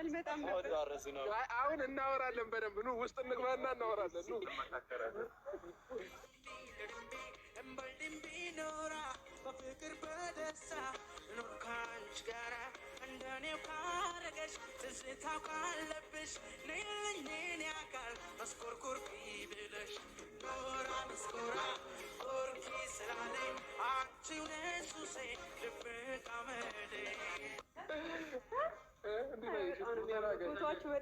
አልመጣም ነበር። አሁን እናወራለን በደንብ ኑ፣ ውስጥ እንግባና እናወራለን። ኑ በፍቅር በደስታ ኑር ካንች ጋራ እንደኔው ካረገሽ ትዝታው ካለብሽ ንልኝን ያካል መስኮርኮር ቢብል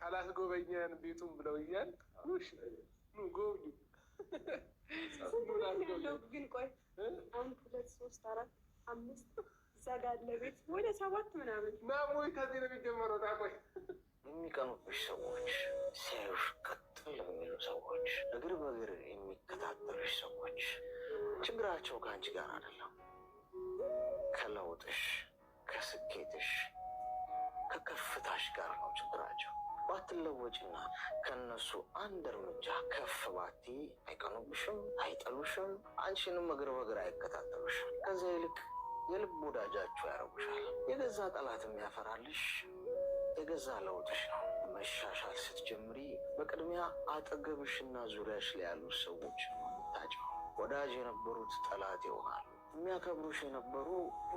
ካላስጎበኛን ቤቱን ብለውኛል። ጎብኙ ግን ቆይ አንድ ሁለት ሶስት አራት አምስት እዛ አለ ቤት ወደ ሰባት ምናምን ናሞይ ከዚህ ነው የሚጀመረው። ታቆይ የሚቀኑብሽ ሰዎች ሲያዩሽ ቀጥል የሚሉ ሰዎች፣ እግር በእግር የሚከታተሉሽ ሰዎች ችግራቸው ከአንቺ ጋር አይደለም፣ ከለውጥሽ ከስኬትሽ ከከፍታሽ ጋር ነው ችግራቸው። ባትለወጭና ከነሱ አንድ እርምጃ ከፍ ባቲ አይቀኑብሽም፣ አይጠሉሽም፣ አንቺንም እግር በእግር አይከታተሉሽም። ከዚያ ይልቅ የልብ ወዳጃቸው ያረጉሻል። የገዛ ጠላትም ያፈራልሽ የገዛ ለውጥሽ ነው። መሻሻል ስትጀምሪ በቅድሚያ አጠገብሽና ዙሪያሽ ላይ ያሉ ሰዎች የምታጭው ወዳጅ የነበሩት ጠላት ይሆናሉ። የሚያከብሩሽ የነበሩ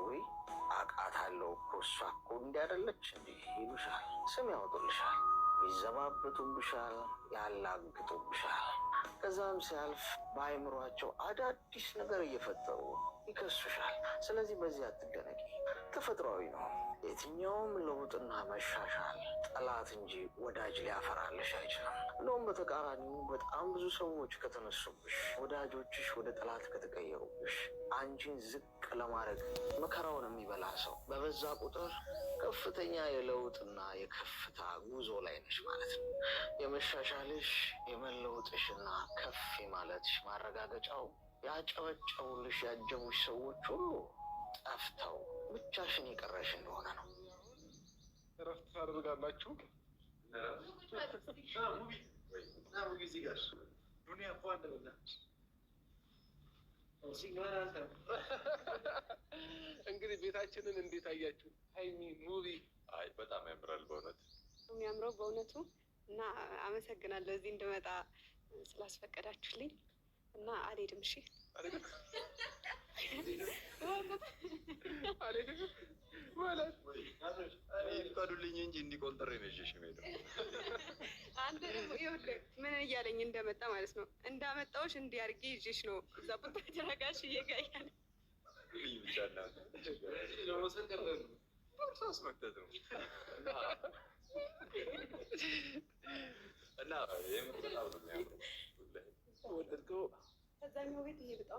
ወይ አቃታለው እኮ እሷ እኮ እንዲያደለች እንዲህ ይሉሻል፣ ስም ያወጡልሻል። ይዘባበቱብሻል፣ ያላግጡብሻል። ከዛም ሲያልፍ በአይምሯቸው አዳዲስ ነገር እየፈጠሩ ይከሱሻል። ስለዚህ በዚህ አትደነቂ፣ ተፈጥሯዊ ነው። የትኛውም ለውጥና መሻሻል ጠላት እንጂ ወዳጅ ሊያፈራልሽ አይችልም። እንደውም በተቃራኒው በጣም ብዙ ሰዎች ከተነሱብሽ፣ ወዳጆችሽ ወደ ጠላት ከተቀየሩብሽ፣ አንቺን ዝቅ ለማድረግ መከራውን የሚበላ ሰው በበዛ ቁጥር ከፍተኛ የለውጥና የከፍታ ጉዞ ላይ ነሽ ማለት ነው። የመሻሻልሽ የመለውጥሽና ከፍ ማለትሽ ማረጋገጫው ያጨበጨቡልሽ ያጀቡሽ ሰዎች ሁሉ ጠፍተው ብቻሽን የቀረሽ እንደሆነ ነው። እረፍት ታደርጋላችሁ። እንግዲህ ቤታችንን እንዴት አያችሁ? ሀይሚ ሙቪ አይ በጣም ያምራል በእውነት የሚያምረው በእውነቱ እና አመሰግናለሁ እዚህ እንድመጣ ስላስፈቀዳችሁልኝ። እና አልሄድም። እሺ ይፍቀዱልኝ እንጂ እንዲቆንጥር ነሽ ሄደ። አንተ ደግሞ ምን እያለኝ እንደመጣ ማለት ነው። እንዳመጣዎች እንዲያርጊ አድርጌ ይዤሽ ነው እዛ ቦታ ተረጋሽ እየጋያለ ቦርሳስ መክተት ነው እና ወደድከው። ከዛኛው ቤት ይሄ በጣም